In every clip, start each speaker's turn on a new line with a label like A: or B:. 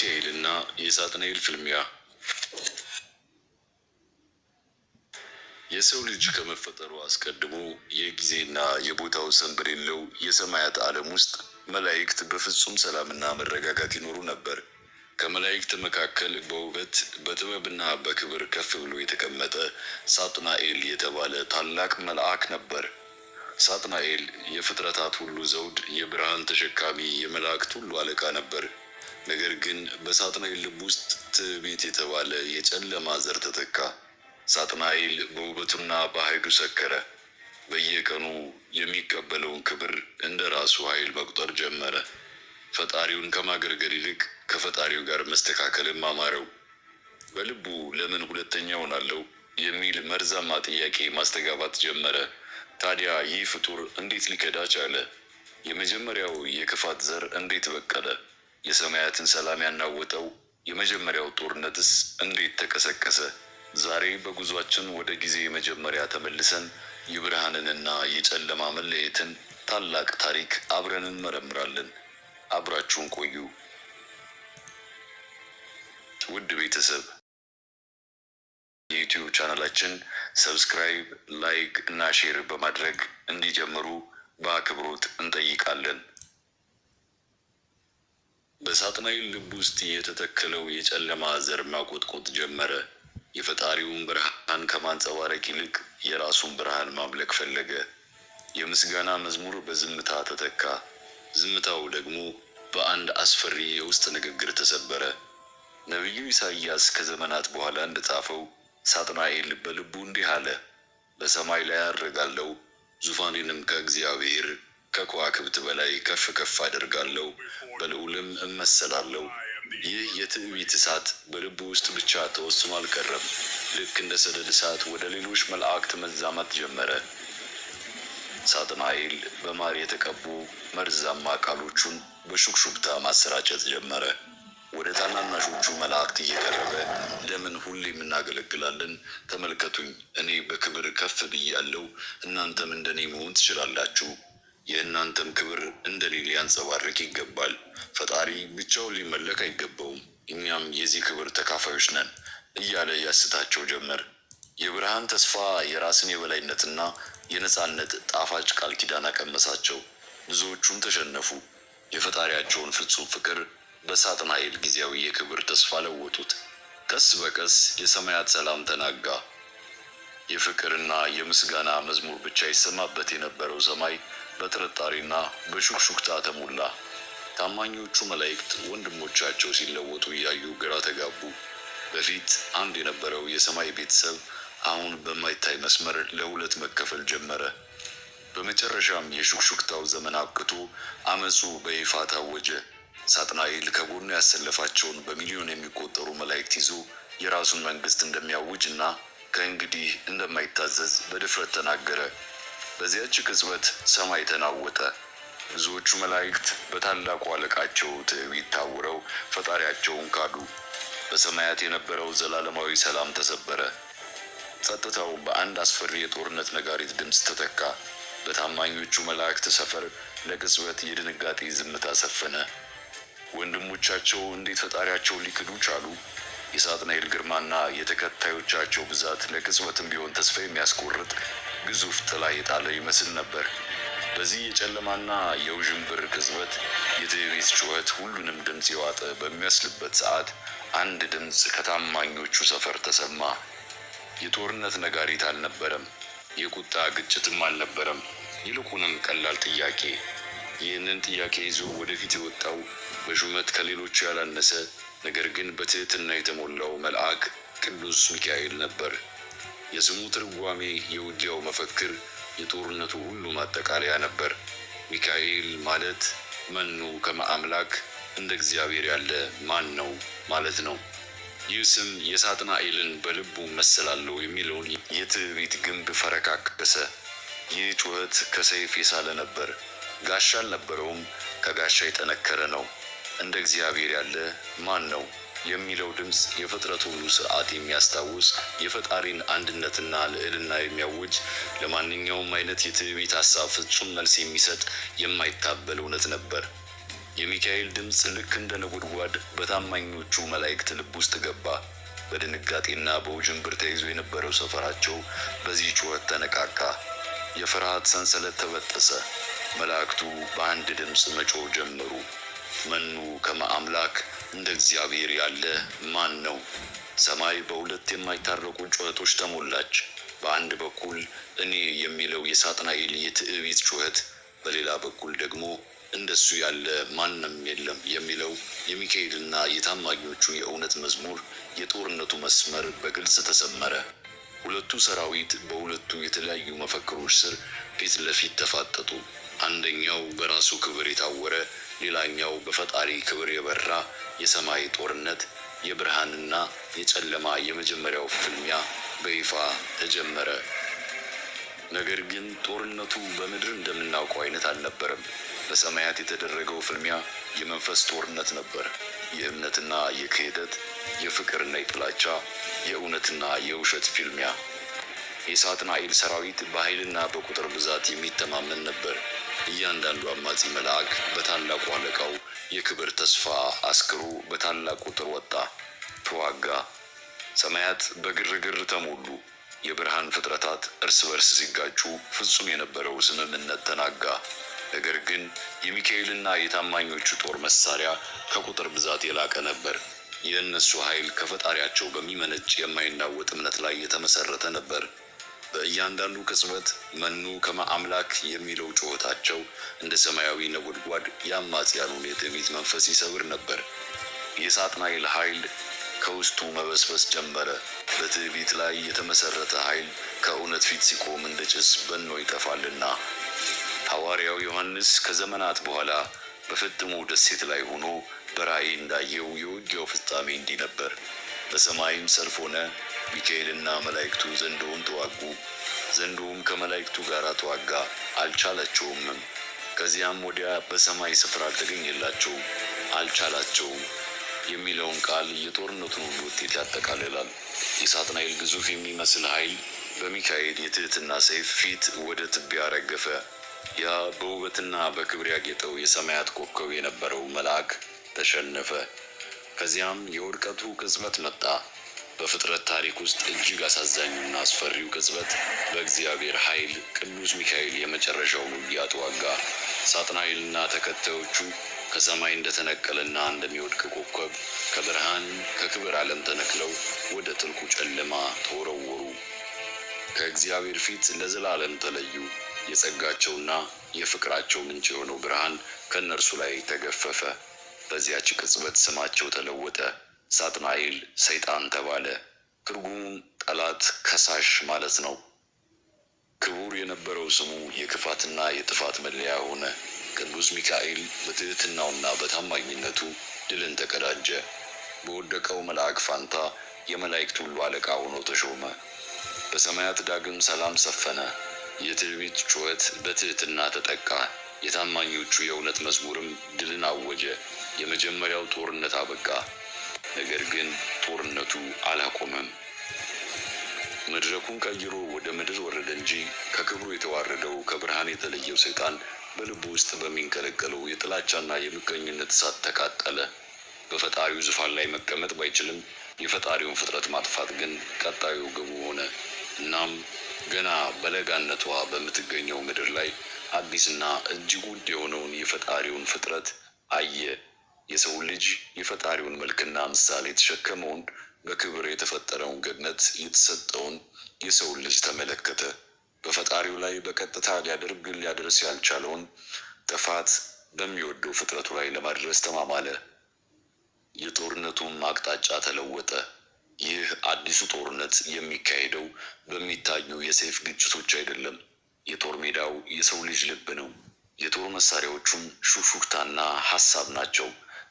A: ሚካኤል እና የሳጥናኤል ፍልሚያ የሰው ልጅ ከመፈጠሩ አስቀድሞ የጊዜና የቦታው ወሰን በሌለው የሰማያት ዓለም ውስጥ መላእክት በፍጹም ሰላምና መረጋጋት ይኖሩ ነበር። ከመላእክት መካከል በውበት በጥበብና በክብር ከፍ ብሎ የተቀመጠ ሳጥናኤል የተባለ ታላቅ መልአክ ነበር። ሳጥናኤል የፍጥረታት ሁሉ ዘውድ፣ የብርሃን ተሸካሚ፣ የመላእክት ሁሉ አለቃ ነበር። ነገር ግን በሳጥናኤል ልብ ውስጥ ትዕቢት የተባለ የጨለማ ዘር ተተካ። ሳጥናኤል በውበቱና በኃይሉ ሰከረ። በየቀኑ የሚቀበለውን ክብር እንደ ራሱ ኃይል መቁጠር ጀመረ። ፈጣሪውን ከማገልገል ይልቅ ከፈጣሪው ጋር መስተካከልም አማረው። በልቡ ለምን ሁለተኛ እሆናለሁ የሚል መርዛማ ጥያቄ ማስተጋባት ጀመረ። ታዲያ ይህ ፍጡር እንዴት ሊከዳ ቻለ? የመጀመሪያው የክፋት ዘር እንዴት በቀለ? የሰማያትን ሰላም ያናወጠው የመጀመሪያው ጦርነትስ እንዴት ተቀሰቀሰ? ዛሬ በጉዟችን ወደ ጊዜ መጀመሪያ ተመልሰን የብርሃንንና የጨለማ መለየትን ታላቅ ታሪክ አብረን እንመረምራለን። አብራችሁን ቆዩ። ውድ ቤተሰብ የዩትዩብ ቻናላችን ሰብስክራይብ፣ ላይክ እና ሼር በማድረግ እንዲጀምሩ በአክብሮት እንጠይቃለን። በሳጥናኤል ልብ ውስጥ የተተከለው የጨለማ ዘር ማቆጥቆጥ ጀመረ። የፈጣሪውን ብርሃን ከማንጸባረቅ ይልቅ የራሱን ብርሃን ማምለክ ፈለገ። የምስጋና መዝሙር በዝምታ ተተካ። ዝምታው ደግሞ በአንድ አስፈሪ የውስጥ ንግግር ተሰበረ። ነቢዩ ኢሳይያስ ከዘመናት በኋላ እንደጻፈው ሳጥናኤል በልቡ እንዲህ አለ፣ በሰማይ ላይ አድርጋለሁ ዙፋኔንም ከእግዚአብሔር ከከዋክብት በላይ ከፍ ከፍ አደርጋለሁ፣ በልዑልም እመሰላለሁ። ይህ የትዕቢት እሳት በልብ ውስጥ ብቻ ተወስኖ አልቀረም። ልክ እንደ ሰደድ እሳት ወደ ሌሎች መላእክት መዛማት ጀመረ። ሳጥናኤል በማር የተቀቡ መርዛማ ቃሎቹን በሹክሹክታ ማሰራጨት ጀመረ። ወደ ታናናሾቹ መላእክት እየቀረበ ለምን ሁሌም እናገለግላለን? ተመልከቱኝ፣ እኔ በክብር ከፍ ብያለሁ፣ እናንተም እንደኔ መሆን ትችላላችሁ የእናንተም ክብር እንደ ሊል ሊያንጸባርቅ ይገባል። ፈጣሪ ብቻውን ሊመለክ አይገባውም፣ እኛም የዚህ ክብር ተካፋዮች ነን እያለ ያስታቸው ጀመር። የብርሃን ተስፋ የራስን የበላይነትና የነፃነት ጣፋጭ ቃል ኪዳን አቀመሳቸው። ብዙዎቹም ተሸነፉ። የፈጣሪያቸውን ፍጹም ፍቅር በሳጥን ኃይል ጊዜያዊ የክብር ተስፋ ለወጡት። ቀስ በቀስ የሰማያት ሰላም ተናጋ። የፍቅርና የምስጋና መዝሙር ብቻ ይሰማበት የነበረው ሰማይ በጥርጣሬና በሹክሹክታ ተሞላ። ታማኞቹ መላእክት ወንድሞቻቸው ሲለወጡ እያዩ ግራ ተጋቡ። በፊት አንድ የነበረው የሰማይ ቤተሰብ አሁን በማይታይ መስመር ለሁለት መከፈል ጀመረ። በመጨረሻም የሹክሹክታው ዘመን አብቅቶ አመፁ በይፋ ታወጀ። ሳጥናኤል ከጎኑ ያሰለፋቸውን በሚሊዮን የሚቆጠሩ መላእክት ይዞ የራሱን መንግስት እንደሚያውጅ እና ከእንግዲህ እንደማይታዘዝ በድፍረት ተናገረ። በዚያች ቅጽበት ሰማይ ተናወጠ። ብዙዎቹ መላእክት በታላቁ አለቃቸው ትዕቢት ታውረው ፈጣሪያቸውን ካዱ። በሰማያት የነበረው ዘላለማዊ ሰላም ተሰበረ። ጸጥታው በአንድ አስፈሪ የጦርነት ነጋሪት ድምፅ ተተካ። በታማኞቹ መላእክት ሰፈር ለቅጽበት የድንጋጤ ዝምታ ሰፈነ። ወንድሞቻቸው እንዴት ፈጣሪያቸውን ሊክዱ ቻሉ? የሳጥናኤል ግርማና የተከታዮቻቸው ብዛት ለቅጽበትም ቢሆን ተስፋ የሚያስቆርጥ ግዙፍ ጥላ የጣለ ይመስል ነበር። በዚህ የጨለማና የውዥንብር ቅጽበት የትዕቢት ጩኸት ሁሉንም ድምፅ የዋጠ በሚመስልበት ሰዓት አንድ ድምፅ ከታማኞቹ ሰፈር ተሰማ። የጦርነት ነጋሪት አልነበረም፣ የቁጣ ግጭትም አልነበረም። ይልቁንም ቀላል ጥያቄ። ይህንን ጥያቄ ይዞ ወደፊት የወጣው በሹመት ከሌሎቹ ያላነሰ ነገር ግን በትህትና የተሞላው መልአክ ቅዱስ ሚካኤል ነበር። የስሙ ትርጓሜ የውጊያው መፈክር፣ የጦርነቱ ሁሉ ማጠቃለያ ነበር። ሚካኤል ማለት መኑ ከመ አምላክ እንደ እግዚአብሔር ያለ ማን ነው ማለት ነው። ይህ ስም የሳጥናኤልን በልቡ መሰላለው የሚለውን የትዕቢት ግንብ ፈረካከሰ። ይህ ጩኸት ከሰይፍ የሳለ ነበር፣ ጋሻ አልነበረውም፣ ከጋሻ የጠነከረ ነው። እንደ እግዚአብሔር ያለ ማን ነው? የሚለው ድምፅ የፍጥረት ሁሉ ስርዓት የሚያስታውስ የፈጣሪን አንድነትና ልዕልና የሚያውጅ ለማንኛውም አይነት የትዕቢት ሀሳብ ፍጹም መልስ የሚሰጥ የማይታበል እውነት ነበር። የሚካኤል ድምፅ ልክ እንደ ነጎድጓድ በታማኞቹ መላእክት ልብ ውስጥ ገባ። በድንጋጤና በውዥንብር ተይዞ የነበረው ሰፈራቸው በዚህ ጩኸት ተነቃካ። የፍርሃት ሰንሰለት ተበጠሰ። መላእክቱ በአንድ ድምፅ መጮህ ጀመሩ። መኑ ከመ አምላክ እንደ እግዚአብሔር ያለ ማን ነው? ሰማይ በሁለት የማይታረቁ ጩኸቶች ተሞላች። በአንድ በኩል እኔ የሚለው የሳጥናኤል የትዕቢት ጩኸት፣ በሌላ በኩል ደግሞ እንደሱ ያለ ማንም የለም የሚለው የሚካኤልና የታማኞቹ የእውነት መዝሙር። የጦርነቱ መስመር በግልጽ ተሰመረ። ሁለቱ ሰራዊት በሁለቱ የተለያዩ መፈክሮች ስር ፊት ለፊት ተፋጠጡ። አንደኛው በራሱ ክብር የታወረ ሌላኛው በፈጣሪ ክብር የበራ የሰማይ ጦርነት የብርሃንና የጨለማ የመጀመሪያው ፍልሚያ በይፋ ተጀመረ። ነገር ግን ጦርነቱ በምድር እንደምናውቀው አይነት አልነበረም። በሰማያት የተደረገው ፍልሚያ የመንፈስ ጦርነት ነበር። የእምነትና የክህደት፣ የፍቅርና የጥላቻ፣ የእውነትና የውሸት ፍልሚያ የሳጥናኤል ሰራዊት በኃይልና በቁጥር ብዛት የሚተማመን ነበር። እያንዳንዱ አማጺ መልአክ በታላቁ አለቃው የክብር ተስፋ አስክሩ በታላቅ ቁጥር ወጣ፣ ተዋጋ። ሰማያት በግርግር ተሞሉ። የብርሃን ፍጥረታት እርስ በርስ ሲጋጩ ፍጹም የነበረው ስምምነት ተናጋ። ነገር ግን የሚካኤልና የታማኞቹ ጦር መሳሪያ ከቁጥር ብዛት የላቀ ነበር። የእነሱ ኃይል ከፈጣሪያቸው በሚመነጭ የማይናወጥ እምነት ላይ የተመሰረተ ነበር። በእያንዳንዱ ቅጽበት መኑ ከመ አምላክ የሚለው ጩኸታቸው እንደ ሰማያዊ ነጎድጓድ የአማጽያኑን የትዕቢት መንፈስ ይሰብር ነበር። የሳጥናኤል ኃይል ከውስጡ መበስበስ ጀመረ። በትዕቢት ላይ የተመሰረተ ኃይል ከእውነት ፊት ሲቆም እንደ ጭስ በኖ ይጠፋልና። ሐዋርያው ዮሐንስ ከዘመናት በኋላ በፍጥሞ ደሴት ላይ ሆኖ በራእይ እንዳየው የውጊያው ፍጻሜ እንዲህ ነበር። በሰማይም ሰልፍ ሆነ። ሚካኤልና መላእክቱ ዘንዶውን ተዋጉ። ዘንዶውም ከመላእክቱ ጋር ተዋጋ፣ አልቻላቸውምም። ከዚያም ወዲያ በሰማይ ስፍራ አልተገኘላቸውም፣ አልቻላቸውም የሚለውን ቃል የጦርነቱን ሁሉ ውጤት ያጠቃልላል። የሳጥናኤል ግዙፍ የሚመስል ኃይል በሚካኤል የትህትና ሰይፍ ፊት ወደ ትቢያ ረገፈ። ያ በውበትና በክብር ያጌጠው የሰማያት ኮከብ የነበረው መልአክ ተሸነፈ። ከዚያም የውድቀቱ ቅጽበት መጣ። በፍጥረት ታሪክ ውስጥ እጅግ አሳዛኙና አስፈሪው ቅጽበት በእግዚአብሔር ኃይል ቅዱስ ሚካኤል የመጨረሻውን ውጊያ ተዋጋ። ሳጥናኤልና ተከታዮቹ ከሰማይ እንደተነቀለና እንደሚወድቅ ኮከብ ከብርሃን ከክብር ዓለም ተነቅለው ወደ ጥልቁ ጨለማ ተወረወሩ። ከእግዚአብሔር ፊት ለዘላለም ተለዩ። የጸጋቸውና የፍቅራቸው ምንጭ የሆነው ብርሃን ከእነርሱ ላይ ተገፈፈ። በዚያች ቅጽበት ስማቸው ተለወጠ። ሳጥናኤል ሰይጣን ተባለ። ትርጉሙም ጠላት፣ ከሳሽ ማለት ነው። ክቡር የነበረው ስሙ የክፋትና የጥፋት መለያ ሆነ። ቅዱስ ሚካኤል በትህትናውና በታማኝነቱ ድልን ተቀዳጀ። በወደቀው መልአክ ፋንታ የመላእክት ሁሉ አለቃ ሆኖ ተሾመ። በሰማያት ዳግም ሰላም ሰፈነ። የትዕቢት ጩኸት በትህትና ተጠቃ። የታማኞቹ የእውነት መዝሙርም ድልን አወጀ። የመጀመሪያው ጦርነት አበቃ። ነገር ግን ጦርነቱ አላቆመም። መድረኩን ቀይሮ ወደ ምድር ወረደ እንጂ ከክብሩ የተዋረደው ከብርሃን የተለየው ሰይጣን በልቡ ውስጥ በሚንቀለቀለው የጥላቻና የምቀኝነት እሳት ተቃጠለ። በፈጣሪው ዙፋን ላይ መቀመጥ ባይችልም የፈጣሪውን ፍጥረት ማጥፋት ግን ቀጣዩ ግቡ ሆነ። እናም ገና በለጋነቷ በምትገኘው ምድር ላይ አዲስና እጅግ ውድ የሆነውን የፈጣሪውን ፍጥረት አየ። የሰው ልጅ የፈጣሪውን መልክና ምሳሌ የተሸከመውን በክብር የተፈጠረውን ገነት የተሰጠውን የሰው ልጅ ተመለከተ። በፈጣሪው ላይ በቀጥታ ሊያደርግ ሊያደርስ ያልቻለውን ጥፋት በሚወደው ፍጥረቱ ላይ ለማድረስ ተማማለ። የጦርነቱን አቅጣጫ ተለወጠ። ይህ አዲሱ ጦርነት የሚካሄደው በሚታዩ የሰይፍ ግጭቶች አይደለም። የጦር ሜዳው የሰው ልጅ ልብ ነው። የጦር መሳሪያዎቹም ሹክሹክታና ሐሳብ ናቸው።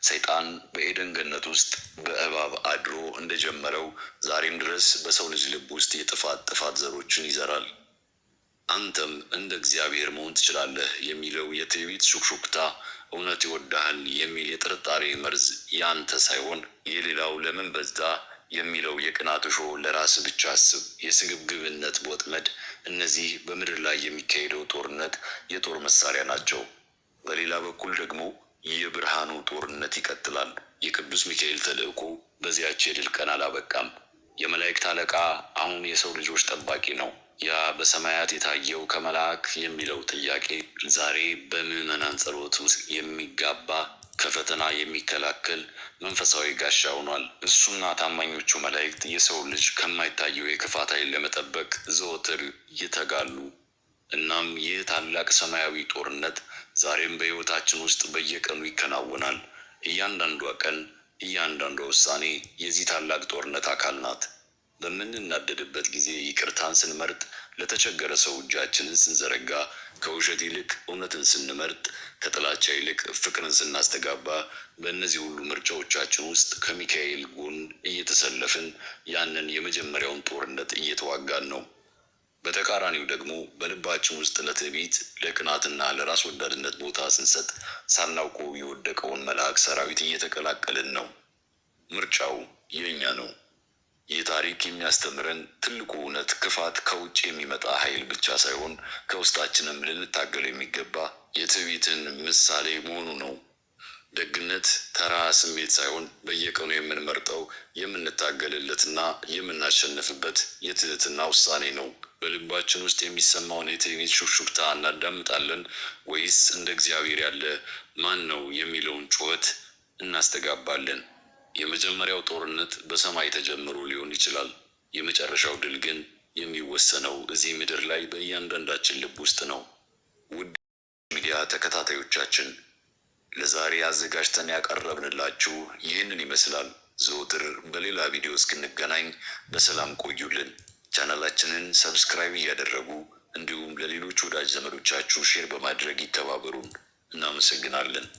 A: ሰይጣን በኤደን ገነት ውስጥ በእባብ አድሮ እንደጀመረው ዛሬም ድረስ በሰው ልጅ ልብ ውስጥ የጥፋት ጥፋት ዘሮችን ይዘራል። አንተም እንደ እግዚአብሔር መሆን ትችላለህ የሚለው የትዕቢት ሹክሹክታ እውነት ይወዳሃል የሚል የጥርጣሬ መርዝ ያንተ ሳይሆን የሌላው ለምን በዛ የሚለው የቅናት ሾ ለራስ ብቻ አስብ፣ የስግብግብነት ወጥመድ። እነዚህ በምድር ላይ የሚካሄደው ጦርነት የጦር መሳሪያ ናቸው። በሌላ በኩል ደግሞ የብርሃኑ ጦርነት ይቀጥላል። የቅዱስ ሚካኤል ተልእኮ በዚያች የድል ቀን አላበቃም። የመላእክት አለቃ አሁን የሰው ልጆች ጠባቂ ነው። ያ በሰማያት የታየው ከመልአክ የሚለው ጥያቄ ዛሬ በምዕመናን ጸሎት ውስጥ የሚጋባ ከፈተና የሚከላከል መንፈሳዊ ጋሻ ሆኗል። እሱና ታማኞቹ መላእክት የሰው ልጅ ከማይታየው የክፋት ኃይል ለመጠበቅ ዘወትር ይተጋሉ። እናም ይህ ታላቅ ሰማያዊ ጦርነት ዛሬም በሕይወታችን ውስጥ በየቀኑ ይከናወናል። እያንዳንዷ ቀን፣ እያንዳንዷ ውሳኔ የዚህ ታላቅ ጦርነት አካል ናት። በምንናደድበት ጊዜ ይቅርታን ስንመርጥ፣ ለተቸገረ ሰው እጃችንን ስንዘረጋ፣ ከውሸት ይልቅ እውነትን ስንመርጥ፣ ከጥላቻ ይልቅ ፍቅርን ስናስተጋባ፣ በእነዚህ ሁሉ ምርጫዎቻችን ውስጥ ከሚካኤል ጎን እየተሰለፍን ያንን የመጀመሪያውን ጦርነት እየተዋጋን ነው። በተቃራኒው ደግሞ በልባችን ውስጥ ለትዕቢት ለቅናትና ለራስ ወዳድነት ቦታ ስንሰጥ ሳናውቀው የወደቀውን መልአክ ሰራዊት እየተቀላቀልን ነው። ምርጫው የኛ ነው። ይህ ታሪክ የሚያስተምረን ትልቁ እውነት ክፋት ከውጭ የሚመጣ ኃይል ብቻ ሳይሆን ከውስጣችንም ልንታገል የሚገባ የትዕቢትን ምሳሌ መሆኑ ነው። ደግነት ተራ ስሜት ሳይሆን በየቀኑ የምንመርጠው የምንታገልለትና የምናሸንፍበት የትህትና ውሳኔ ነው። በልባችን ውስጥ የሚሰማውን የትዕቢት ሹክሹክታ እናዳምጣለን ወይስ እንደ እግዚአብሔር ያለ ማን ነው የሚለውን ጩኸት እናስተጋባለን? የመጀመሪያው ጦርነት በሰማይ ተጀምሮ ሊሆን ይችላል። የመጨረሻው ድል ግን የሚወሰነው እዚህ ምድር ላይ በእያንዳንዳችን ልብ ውስጥ ነው። ውድ ሚዲያ ተከታታዮቻችን ለዛሬ አዘጋጅተን ያቀረብንላችሁ ይህንን ይመስላል። ዘወትር በሌላ ቪዲዮ እስክንገናኝ በሰላም ቆዩልን። ቻናላችንን ሰብስክራይብ እያደረጉ እንዲሁም ለሌሎች ወዳጅ ዘመዶቻችሁ ሼር በማድረግ ይተባበሩን። እናመሰግናለን።